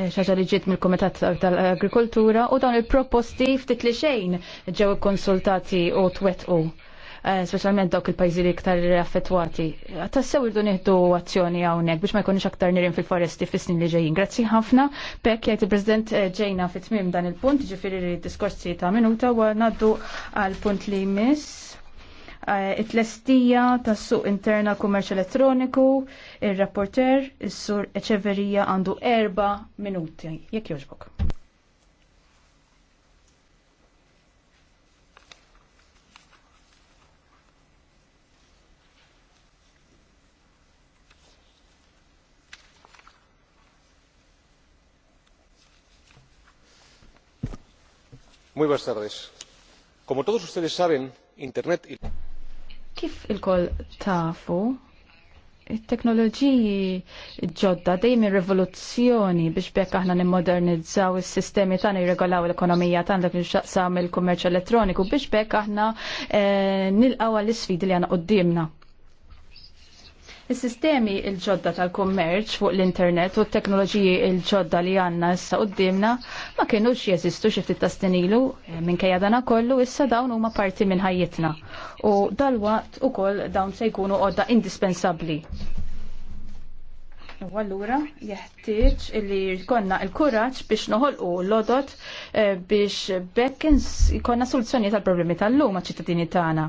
Eh, xaġa li ġiet mill-Komitat tal-Agrikoltura u dawn il-proposti ftit li xejn ġew konsultati u twettqu eh, specialment dawk il-pajzi li iktar affettwati. Tassew irdu nieħdu azzjoni hawnhekk biex ma jkunx aktar nirien fil-foresti fis-snin li ġejjin. Grazzi ħafna. Pekk jgħid il-President eh, ġejna fit-tmiem dan il-punt, ġifieri diskorsi ta' minuta u ngħaddu għal punt li miss. Eh, it-lestija tas suq interna kummerċ elettroniku, il-rapporter, il-sur Eċeverija għandu erba minuti. Jek joġbok. Muy buenas tardes. Como todos ustedes saben, Internet y... Kif il-koll tafu, il teknoloġiji ġodda dejjem rivoluzzjoni biex bekk aħna nimmodernizzaw is-sistemi tagħna jirregolaw l-ekonomija tagħna dak li xaqsam il-kummerċ elettroniku biex bekk aħna eh, nilqgħu għall-isfidi li għandna qudiemna. Is-sistemi il-ġodda tal-kummerċ fuq l-internet u t-teknoloġiji il-ġodda li għanna issa qoddimna ma kienux jeżistu xi ftit tastinilu eh, minkejja dana kollu issa dawn huma parti minn ħajjitna. U dalwaqt ukoll dawn se jkunu għodda indispensabbli. U allura jeħtieġ li jkollna l-kuraġġ biex noħolqu l-odot eh, biex bekk ikonna soluzzjoni tal-problemi tal-lum għax ċittadini tagħna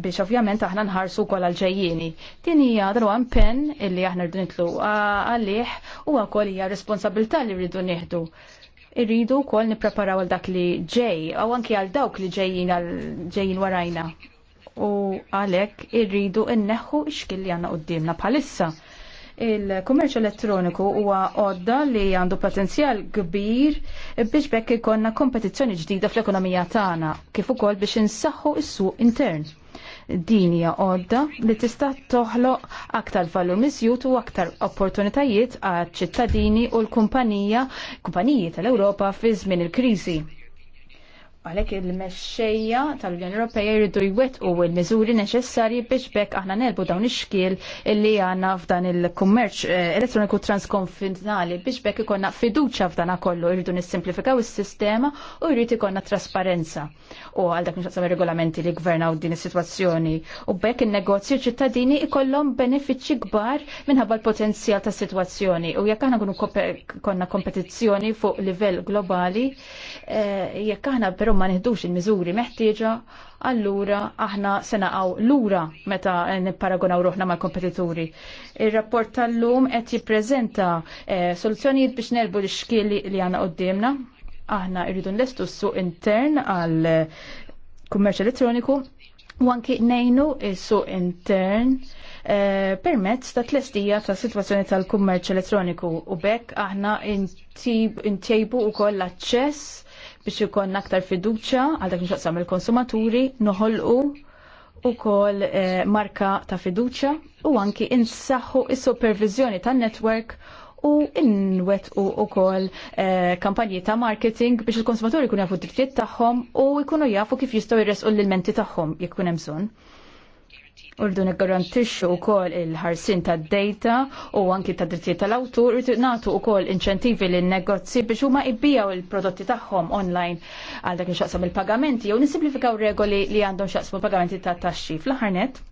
biex ovvjament aħna nħarsu kol għal-ġejjini. Din hija pen illi aħna rridu nitlu għalih u għakol hija responsabilità li rridu nieħdu. Irridu kol nipreparaw għal dak li ġej, għaw anki għal dawk li ġejjin għal ġejjin warajna. U għalek irridu inneħu ix-xkil għanna qoddimna bħalissa. Il-kummerċ elettroniku huwa għodda li għandu potenzjal kbir biex bekk ikonna kompetizzjoni ġdida fl-ekonomija tagħna kif ukoll biex insaħħu s-suq intern. Din hija għodda li tista' toħloq aktar valur miżjud u aktar opportunitajiet għal ċittadini u l-kumpanija, kumpaniji tal-Ewropa fi żmien il-kriżi Għalek il-mexxejja tal-Unjoni Ewropea jridu jwettqu il-miżuri neċessarji biex bekk aħna nelbu dawn ix-xkiel li għandna f'dan il-kummerċ eh, elettroniku transkonfinali biex bekk ikonna fiduċa f'dan kollu jridu nissimplifikaw is-sistema u jrid ikonna trasparenza. U għal dak nixtaqsam regolamenti li gvernaw din is-sitwazzjoni u bekk in-negozju ċittadini ikollhom benefiċċji kbar minħabba l-potenzjal ta' sitwazzjoni u jekk aħna konna kompetizzjoni fuq livell globali, eh, jekk aħna però pero ma neħdux il-miżuri meħtieġa, allura aħna se naqgħu lura meta nipparagunaw ruħna mal-kompetituri. Ir-rapport tal-lum qed jippreżenta eh, soluzzjonijiet biex nerbu l-xkieli li għandna qudiemna. Aħna rridu nlestu s-suq intern għal eh, kummerċ elettroniku u anki nejnu s suq intern eh, permezz ta' tlestija ta' situazzjoni tal-kummerċ elettroniku u bekk aħna intjejbu u koll l-access biex ikon aktar fiduċa għal dak nxaqsam il-konsumaturi, noħolqu u kol eh, marka ta' fiduċa u anki insaħħu il supervizjoni tan-network u inwet u kol eh, kampanji ta' marketing biex il-konsumaturi kun jafu d-diktiet tagħhom u jkunu jafu kif jistgħu jirresqu l-ilmenti tagħhom jekk kun hemm bżonn. Urdu nigarantixxu wkoll il-ħarsin tad-data u anki tad drittijiet tal-awtur irdu nagħtu wkoll inċentivi lin negozji biex huma jbijaw il-prodotti tagħhom online għal dak xaqsam il-pagamenti jew nisimplifikaw regoli li għandhom xaqsmu pagamenti ta' taxxi fl-aħarnet.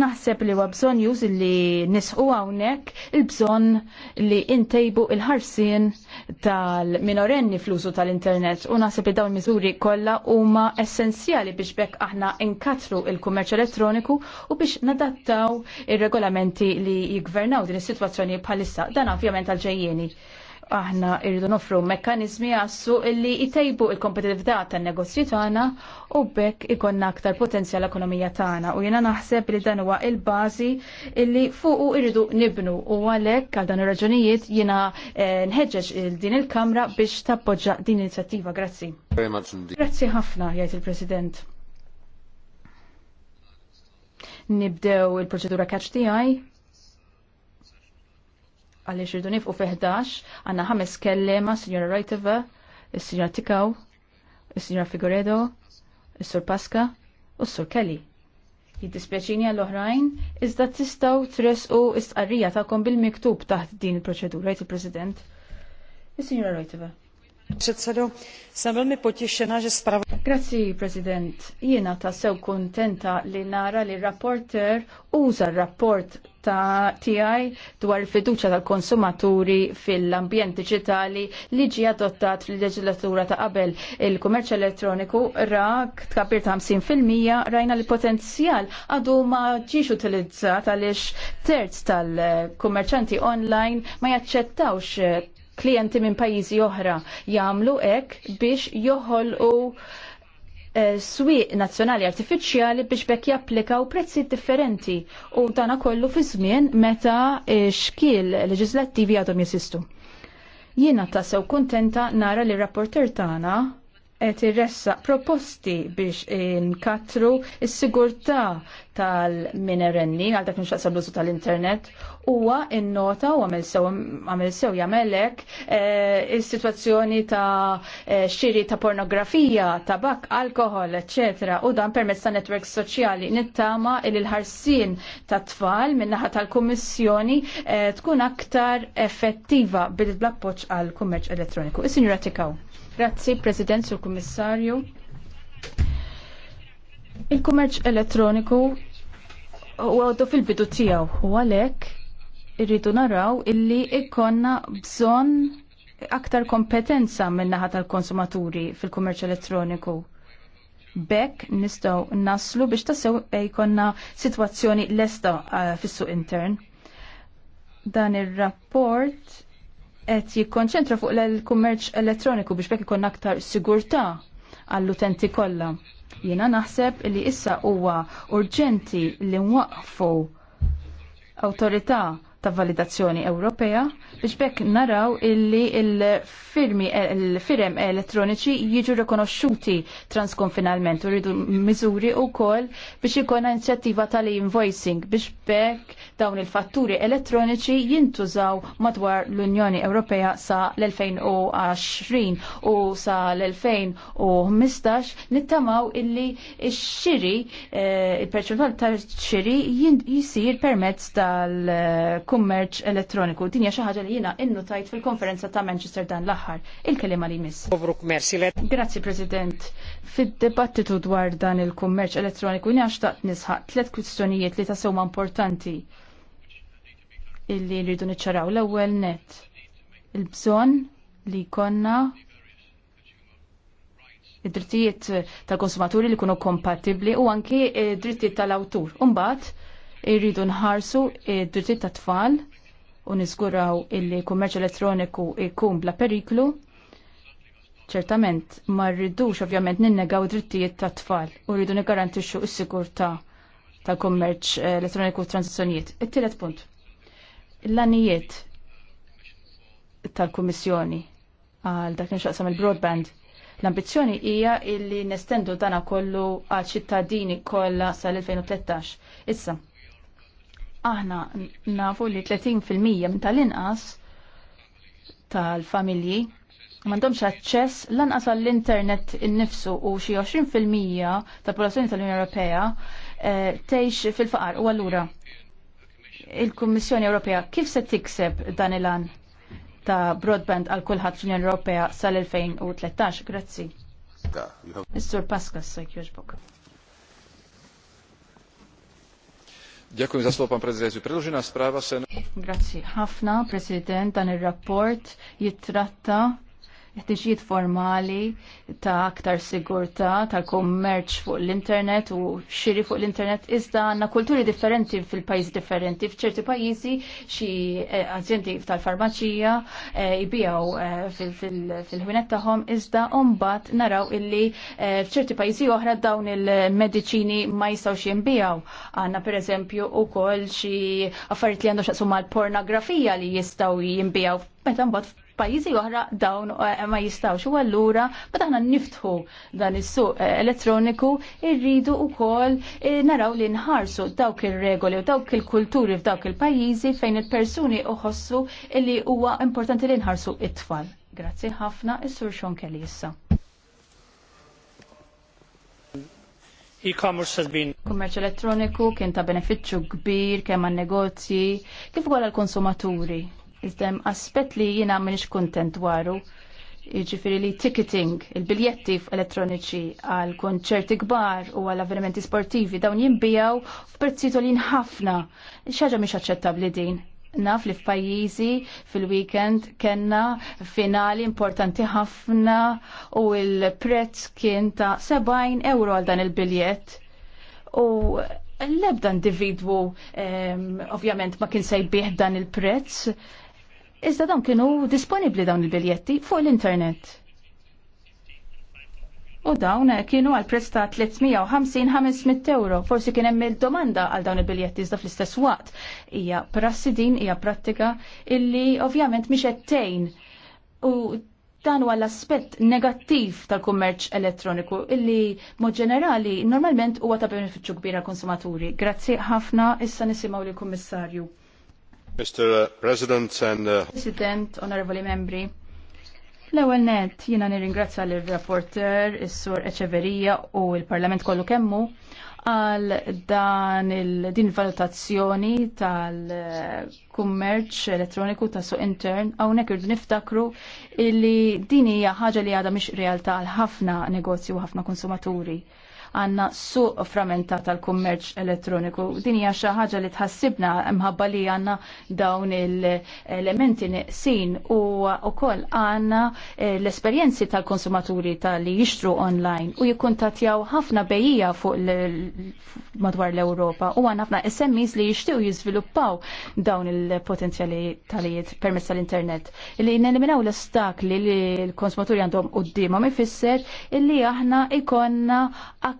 Naħseb li huwa bżonn już li nisqu hawnhekk il-bżonn li intejbu il-ħarsien tal-minorenni fl-użu tal-internet u naħseb li dawn miżuri kollha huma essenzjali biex bekk aħna inkatru il-kummerċ elettroniku u biex nadattaw ir-regolamenti li jigvernaw din is-sitwazzjoni bħalissa dan ovvjament għal ġejjieni aħna irridu nofru mekkanizmi għassu illi jtejbu il-kompetitività tan-negozji tagħna u bekk ikonna aktar potenzjal ekonomija tagħna u jiena naħseb li dan huwa il-bażi illi fuqu irridu nibnu u għalhekk għal dan ir-raġunijiet jiena eh, nħeġġeġ din il-Kamra biex tappoġġa din l-inizjattiva. Grazzi. Grazzi ħafna jgħid il-President. Nibdew il-proċedura catch the eye għaliex irdu nifqu fi 11 għandna ħames kellema Sinjora Rajteva, s sinjora Tikaw, s sinjora Figuredo, is-Sur Paska u s-Sur Kelly. Jiddispjaċini għall-oħrajn, iżda tistgħu tresqu u qarrija tagħkom bil-miktub taħt din il-proċedura, jgħid il-President. Is-Sinjora Rajteva. Grazzi, President. Jiena ta' sew kontenta li nara li rapporter uża rapport ta' TI dwar il-fiduċa tal-konsumaturi fil-ambjent digitali li ġie adottat fil-leġislatura ta' qabel il-kummerċ elettroniku rak tkabir ta' 50% rajna li potenzjal għadu ma ġiġ utilizzat għaliex terz tal-kummerċanti online ma jaċċettawx klienti minn pajjiżi oħra jagħmlu hekk biex joħolqu eh, swieq nazzjonali artifiċjali biex bekk japplikaw prezzi differenti u dana kollu fi żmien meta xkiel leġislattivi għadhom jesistu. Jiena tassew kuntenta nara li rapporter tagħna qed irressaq proposti biex inkatru s-sigurtà tal-minerenni għal dak nixtaqsam l-użu tal-internet huwa innota u għamil sew għamil jagħmelek eh, is-sitwazzjoni ta' eh, xiri ta' pornografija, tabak, alkohol, eċetera, u dan permezz ta' netwerk soċjali nittama il ħarsien ta' tfal min-naħa tal-Kummissjoni eh, tkun aktar effettiva bil-blappoċ għal kummerċ elettroniku. Is-Sinjura Tikaw. Grazzi, President, Sur Kummissarju. Il-kummerċ elettroniku u għaddu fil-bidu tijaw u għalek irridu naraw illi ikkonna bżon aktar kompetenza minn naħa tal-konsumaturi fil-kummerċ elettroniku. Bekk nistgħu naslu biex tassew jkollna sitwazzjoni lesta uh, fis-suq intern. Dan ir-rapport qed jikkonċentra fuq l-kummerċ elettroniku biex bekk ikun aktar sigurtà għall-utenti kollha. Jiena naħseb li issa huwa urġenti li nwaqfu awtorità ta' validazzjoni Ewropea biex bekk naraw illi il-firmi il-firem elettroniċi jiġu rikonoxxuti transkonfinalment u rridu miżuri wkoll biex ikun inizjattiva tal-invoicing biex bekk dawn il-fatturi elettroniċi jintużaw madwar l-Unjoni Ewropea sa l-2020 u sa l-2015 nittamaw illi x-xiri eh, il-perċentual tal-xiri jisir permezz tal- kummerċ elettroniku. Din hija xi ħaġa li jiena innutajt fil-konferenza ta' Manchester dan l-aħħar. Il-kelima li miss. Grazzi President. Fid-dibattitu dwar dan il-kummerċ elettroniku jiena xtaqt nisħaq tliet kwistjonijiet li ta' sewma importanti illi rridu niċċaraw l-ewwel net. Il-bżonn li konna id-drittijiet tal-konsumaturi li kunu kompatibli u anki id-drittijiet tal-awtur. Umbat, irridu nħarsu id-drittijiet ta' tfal u niżguraw illi kummerċ elettroniku jkun bla periklu. Ċertament, ma rridux ovvjament ninnegaw drittijiet ta' tfal u rridu nigarantixxu s-sigurtà tal-kummerċ elettroniku u transizzjonijiet It-tielet punt. L-anijiet tal-Kummissjoni għal dak nixaqsam il-broadband. L-ambizzjoni hija illi nestendu dana kollu għal ċittadini kollha sal-2013. Issa, aħna nafu li 30% minn tal-inqas tal-familji mandomx aċċess lanqas għall-internet innifsu u xi 20% tal-popolazzjoni tal-Unjoni Ewropea eh, tgħix fil-faqar u allura il-Kummissjoni Ewropea kif se tikseb dan il-an ta' broadband għal kulħadd fl-Unjoni Ewropea sal-2013? Grazzi. Is-Sur Paskas se jogħġbok. Grazzi ħafna, President, dan ir rapport jittratta ħtiġijiet formali ta' aktar sigurta tal-kommerċ fuq l-internet u xiri fuq l-internet iżda għandna kulturi differenti fil-pajjiż differenti. F'ċerti pajjiżi xi eh, aġenti tal-farmaċija eh, jbijaw eh, fil-ħwienet tagħhom iżda mbagħad naraw illi f'ċerti pajjiżi oħra dawn il-mediċini ma jistgħux jinbijaw. Għandna pereżempju wkoll xi affarijiet li għandu xaqsu mal-pornografija li jistgħu jinbijaw meta mbagħad pajizi oħra dawn eh, ma jistawx. U allura meta aħna niftħu dan is-suq eh, elettroniku irridu wkoll eh, naraw li nħarsu dawk ir-regoli u dawk il-kulturi f'dawk il-pajjiżi fejn il-persuni uħossu li huwa importanti li nħarsu it-tfal. Grazzi ħafna is-Sur Sean Kelly issa. e-commerce has been. Kummerċ elettroniku kien ta' benefiċċju kbir kemm għan negozji kif ukoll għall konsumaturi Iżda hemm aspett li jina minix kuntent dwaru. Jiġifieri li ticketing, il-biljetti elettroniċi għal konċerti kbar u għal avvenimenti sportivi dawn jinbijaw f'prezzi tolin ħafna. Xaġa mhix aċċettabbli din. Naf li f'pajjiżi fil-weekend kena finali importanti ħafna u l-prezz kien ta' 70 euro għal dan il-biljett. U l-ebda individwu ehm, ovvjament ma kien sejbih dan il-prezz Iżda dawn kienu disponibli dawn il-biljetti fuq l-internet. U dawn kienu għal prezz ta' 350-500 euro. Forsi kien hemm il-domanda għal dawn il-biljetti iżda fl-istess waqt. Hija prassi din, hija prattika illi ovvjament mhix qed tgħin. U dan huwa l-aspett negattiv tal-kummerċ elettroniku illi mod ġenerali normalment huwa ta' benefiċċju kbira konsumaturi. Grazzi ħafna issa nisimgħu lill-Kummissarju. Mr. Uh, President and uh... President, membri, L-ewwel net jiena nirringrazzja lir rapporter is-Sur Eċeverija u l-Parlament kollu kemmu għal dan il din valutazzjoni tal-kummerċ elettroniku ta' suq intern hawnhekk irdu niftakru illi din hija ħaġa li għadha mhix realtà għal ħafna negozju u ħafna konsumaturi għandna suq frammentat tal-kummerċ elettroniku. Din hija xi ħaġa li tħassibna mħabba li għandna dawn il-elementi neqsin u wkoll għandna eh, l-esperjenzi tal-konsumaturi tal-li jixtru online u jikkuntatjaw ħafna bejija fuq madwar l-Ewropa u għandna ħafna SMEs li jixtiew jiżviluppaw dawn il-potenzjali talijiet permezz tal-internet. Li neliminaw l-ostakli li l-konsumaturi għandhom u d-dimom ifisser illi aħna ikonna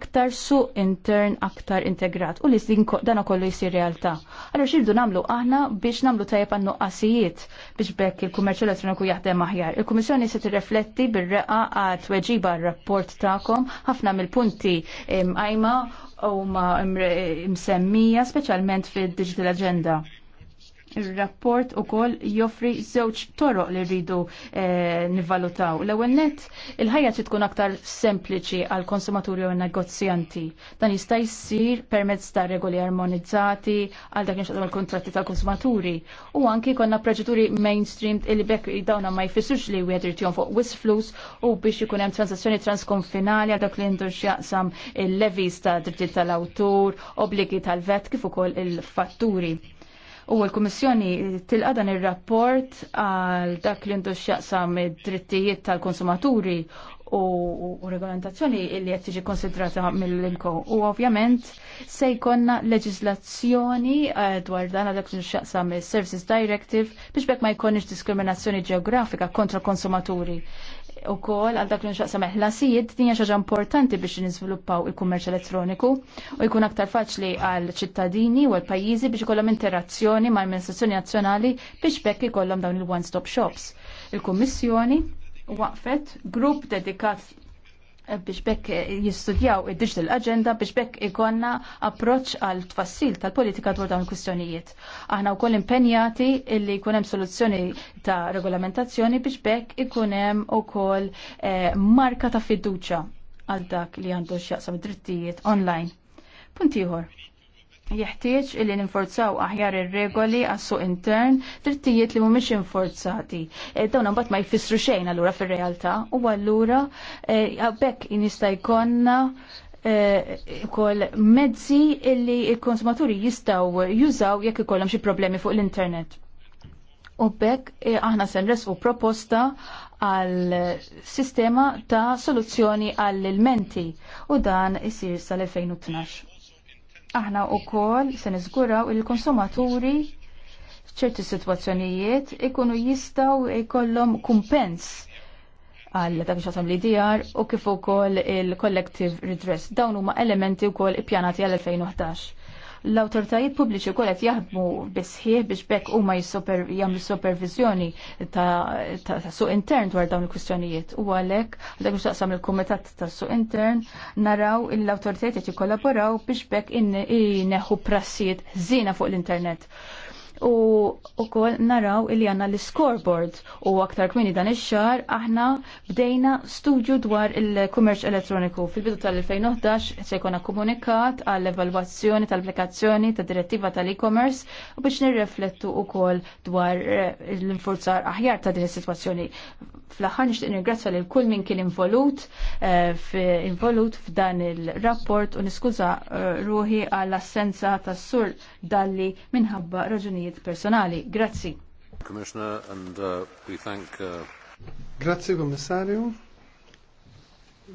aktar su intern aktar integrat u li dan kollu jisir realtà. Allora xirdu namlu aħna biex namlu tajjeb għannu qasijiet biex bekk il-kummerċ elettroniku jaħdem aħjar. Il-Kummissjoni se tirrefletti bir-reqa għat weġiba r-rapport tagħkom ħafna mill-punti għajma u ma msemmija speċjalment fid-Digital Agenda Il-rapport u koll joffri żewġ toroq li rridu eh, nivalutaw. L-ewwel net il-ħajja trid tkun aktar sempliċi għal konsumaturi u negozjanti. Dan jista' jsir permezz ta' regoli armonizzati għal dak nixtaqgħu il kontratti tal-konsumaturi u anki konna proġeturi mainstream li bekk dawna ma jfissux li wieħed irid fuq wis flus u biex ikun hemm transazzjoni transkonfinali għal dak li ndux jaqsam il-levis ta' drittijiet tal-awtur, obbligi tal-vet kif ukoll il-fatturi U l-Kummissjoni tilqa dan ir-rapport għal dak li ndux xaqsam id-drittijiet tal-konsumaturi u regolamentazzjoni li qed tiġi konsidrata mill inko U ovvjament se jkollna leġislazzjoni eh, dwar dan għal dak li xaqsam services Directive biex bekk ma jkollniex diskriminazzjoni ġeografika kontra l-konsumaturi u kol għal dak li l ħlasijiet dinja xaġa importanti biex nizviluppaw il-kummerċ elettroniku u jkun aktar faċli għal ċittadini u għal pajjiżi biex ikollhom interazzjoni mal amministrazzjoni nazzjonali biex bekk ikollhom dawn il-one-stop shops. Il-Kummissjoni waqfet grupp dedikat biex bekk jistudjaw id-digital agenda biex bekk ikonna approċ għal tfassil tal-politika dwar dawn il-kwistjonijiet. Aħna wkoll impenjati illi jkun hemm soluzzjoni ta' regolamentazzjoni biex bekk ikun hemm ukoll eh, marka ta' fiduċa għal dak li għandu x'jaqsam id-drittijiet online. Punt ieħor jeħtieġ li ninforzaw aħjar ir-regoli għas-suq intern drittijiet li mhumiex infurzati. Eh, dawn imbagħad ma jfissru xejn allura fir-realtà u allura eh, bekk jista' jkollna eh, ukoll mezzi illi l-konsumaturi jistgħu jużaw jekk ikollhom xi problemi fuq l-internet. U bekk aħna se nresqu proposta għal sistema ta' soluzzjoni għall-ilmenti u dan isir sal-2012. Aħna u kol se nizguraw il-konsumaturi f'ċerti situazzjonijiet ikunu jistaw ikollom kumpens għal dak xasam li dijar u kif ukoll il-collective redress. Dawn huma elementi wkoll ippjanati għal 2011 l-autoritajiet pubbliċi kol qed jaħdmu bisħieħ biex bekk huma jagħmlu supervizjoni ta' suq intern dwar dawn il-kwistjonijiet. U għalhekk dak biex taqsam il-kumitat ta' suq intern naraw l-awtoritajiet qed jikkollaboraw biex bekk inneħu prassijiet żina fuq l-internet u ukoll naraw illi għanna l-scoreboard u aktar kmini dan ix-xar aħna bdejna studju dwar il-kummerċ elettroniku. Fil-bidu tal-2011 se jkun komunikat għall evalwazzjoni tal-applikazzjoni ta' direttiva tal-e-commerce u biex nirreflettu kol dwar l-infurzar aħjar ta' din is-sitwazzjoni fl-aħħar nixtieq ningrazzja lil kull min kien involut eh, involut f'dan il-rapport u niskuża eh, ruħi għall assenza tas-sur dalli minħabba raġunijiet personali. Grazzi. Commissioner, and uh, we thank. Uh... Grazzi, Commissario.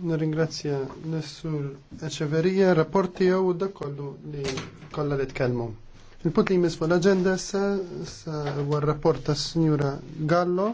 Nirringrazzja nessur Eċeverija, rapporti u da kollu li kollha li tkellmu. Il-punt li jmiss fuq l-agenda sa, sa rapport tas signora Gallo.